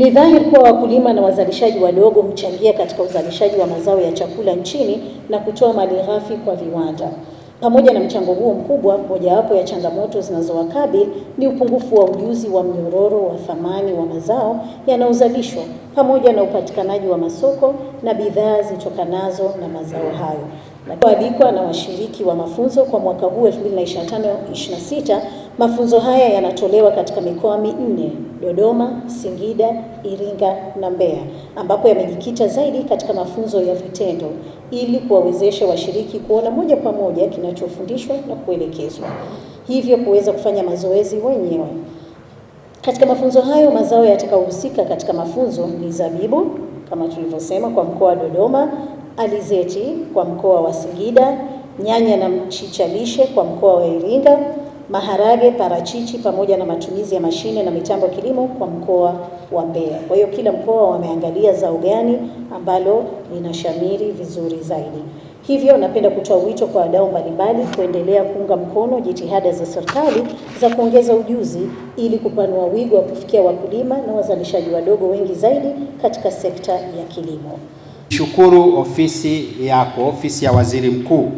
Ni dhahiri kuwa wakulima na wazalishaji wadogo huchangia katika uzalishaji wa mazao ya chakula nchini na kutoa malighafi kwa viwanda. Pamoja na mchango huo mkubwa, mojawapo ya changamoto zinazowakabili ni upungufu wa ujuzi wa mnyororo wa thamani wa mazao yanayozalishwa pamoja na upatikanaji wa masoko na bidhaa zitokanazo na mazao hayo. alikwa na washiriki wa mafunzo kwa mwaka huu 2025/26 Mafunzo haya yanatolewa katika mikoa minne: Dodoma, Singida, Iringa na Mbeya, ambapo yamejikita zaidi katika mafunzo ya vitendo ili kuwawezesha washiriki kuona moja kwa moja kinachofundishwa na kuelekezwa, hivyo kuweza kufanya mazoezi wenyewe. Katika mafunzo hayo, mazao yatakayohusika katika mafunzo ni zabibu kama tulivyosema kwa mkoa wa Dodoma, alizeti kwa mkoa wa Singida, nyanya na mchicha lishe kwa mkoa wa Iringa maharage, parachichi pamoja na matumizi ya mashine na mitambo ya kilimo kwa mkoa wa Mbeya. Kwa hiyo kila mkoa wameangalia zao gani ambalo linashamiri vizuri zaidi. Hivyo napenda kutoa wito kwa wadau mbalimbali kuendelea kuunga mkono jitihada za serikali za kuongeza ujuzi ili kupanua wigo wa kufikia wakulima na wazalishaji wadogo wengi zaidi katika sekta ya kilimo. Shukuru ofisi yako, ofisi ya Waziri Mkuu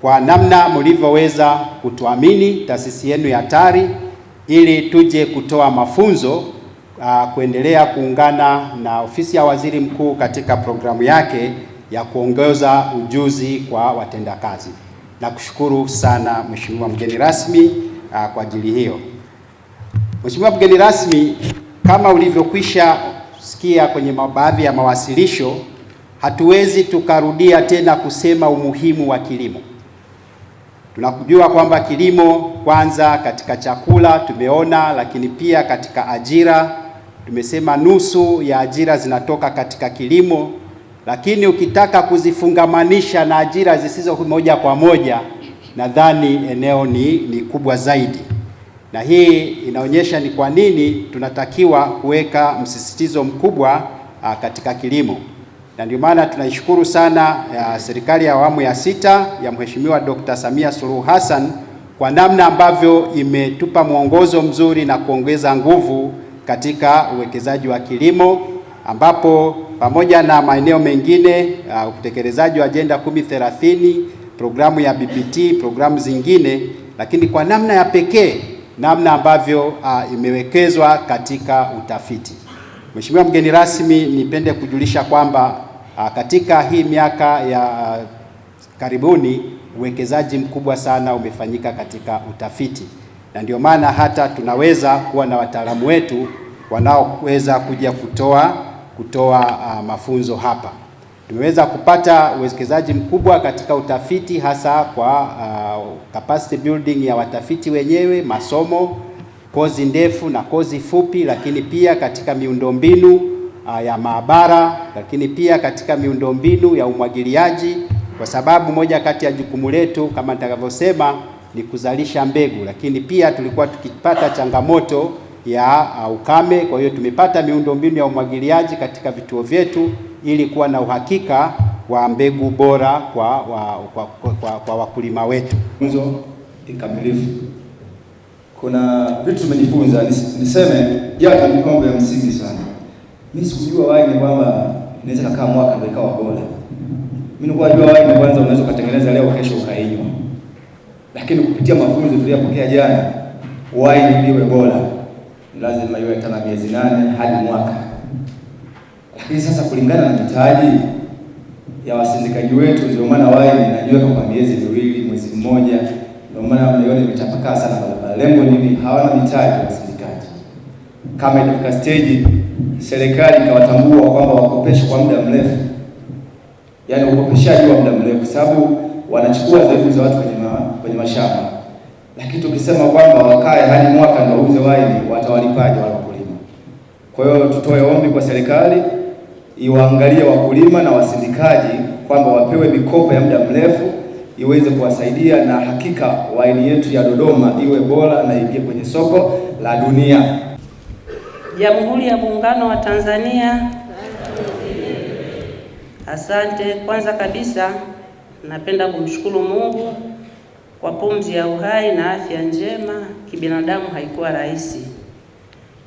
kwa namna mlivyoweza kutuamini taasisi yenu ya TARI ili tuje kutoa mafunzo uh, kuendelea kuungana na ofisi ya waziri mkuu katika programu yake ya kuongeza ujuzi kwa watendakazi. Nakushukuru sana Mheshimiwa mgeni rasmi uh, kwa ajili hiyo. Mheshimiwa mgeni rasmi, kama ulivyokwisha sikia kwenye baadhi ya mawasilisho, hatuwezi tukarudia tena kusema umuhimu wa kilimo. Tunakujua kwamba kilimo kwanza katika chakula tumeona, lakini pia katika ajira tumesema nusu ya ajira zinatoka katika kilimo, lakini ukitaka kuzifungamanisha na ajira zisizo moja kwa moja, nadhani eneo ni, ni kubwa zaidi, na hii inaonyesha ni kwa nini tunatakiwa kuweka msisitizo mkubwa katika kilimo na ndio maana tunaishukuru sana ya eh, serikali ya awamu ya sita ya Mheshimiwa Dr. Samia Suluhu Hassan kwa namna ambavyo imetupa mwongozo mzuri na kuongeza nguvu katika uwekezaji wa kilimo ambapo pamoja na maeneo mengine uh, utekelezaji wa ajenda 1030 programu ya BBT, programu zingine, lakini kwa namna ya pekee namna ambavyo uh, imewekezwa katika utafiti. Mheshimiwa mgeni rasmi, nipende kujulisha kwamba Ah, katika hii miaka ya karibuni uwekezaji mkubwa sana umefanyika katika utafiti, na ndio maana hata tunaweza kuwa na wataalamu wetu wanaoweza kuja kutoa kutoa uh, mafunzo hapa. Tumeweza kupata uwekezaji mkubwa katika utafiti hasa kwa uh, capacity building ya watafiti wenyewe, masomo, kozi ndefu na kozi fupi, lakini pia katika miundombinu Ah, ya maabara, lakini pia katika miundombinu ya umwagiliaji, kwa sababu moja kati ya jukumu letu kama nitakavyosema ni kuzalisha mbegu, lakini pia tulikuwa tukipata changamoto ya ah, ukame. Kwa hiyo tumepata miundombinu ya umwagiliaji katika vituo vyetu ili kuwa na uhakika wa mbegu bora kwa, wa, kwa, kwa, kwa, kwa wakulima wetu. Mzo ikamilifu kuna vitu tumejifunza, niseme japo ni mambo ya msingi sana mimi sikujua ni kwamba naweza kukaa mwaka ndio ikawa bora. Mimi nilikuwa najua ni kwanza unaweza kutengeneza leo kesho ukainywa. Lakini kupitia mafunzo tuliyopokea jana, wine iwe bora lazima iwe kama miezi nane hadi mwaka. Lakini sasa kulingana na mitaji ya wasindikaji wetu, ndio maana wine najua kwa miezi miwili, mwezi mmoja, ndio maana mnaiona imetapakaa sana barabarani. Lengo nini? Hawana mitaji kama ilifika stage serikali ikawatambua kwamba wakopeshe kwa muda mrefu, yaani ukopeshaji wa muda mrefu, sababu wanachukua zaidi za watu kwenye ma, kwenye mashamba. Lakini tukisema kwamba wakae hadi mwaka ndio uuze waini, watawalipaje wale wakulima? Kwa hiyo tutoe ombi kwa serikali iwaangalie wakulima na wasindikaji kwamba wapewe mikopo ya muda mrefu iweze kuwasaidia na hakika waini yetu ya Dodoma iwe bora na ingie kwenye soko la dunia. Jamhuri ya Muungano wa Tanzania. Asante. Kwanza kabisa napenda kumshukuru Mungu kwa pumzi ya uhai na afya njema. Kibinadamu haikuwa rahisi.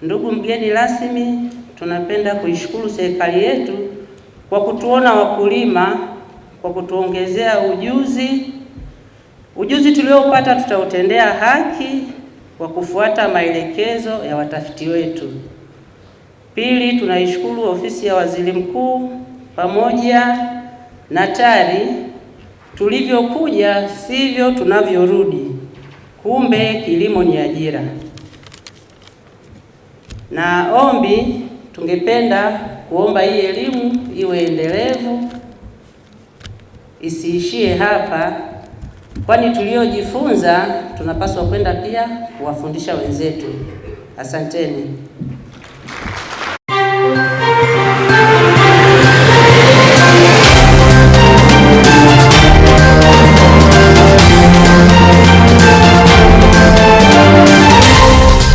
Ndugu mgeni rasmi, tunapenda kuishukuru serikali yetu kwa kutuona wakulima, kwa kutuongezea ujuzi. Ujuzi tuliopata tutautendea haki kwa kufuata maelekezo ya watafiti wetu. Pili, tunaishukuru ofisi ya waziri mkuu pamoja na TARI, tulivyokuja sivyo tunavyorudi. Kumbe kilimo ni ajira. Na ombi, tungependa kuomba hii elimu iwe endelevu, isiishie hapa, kwani tuliojifunza tunapaswa kwenda pia kuwafundisha wenzetu. Asanteni.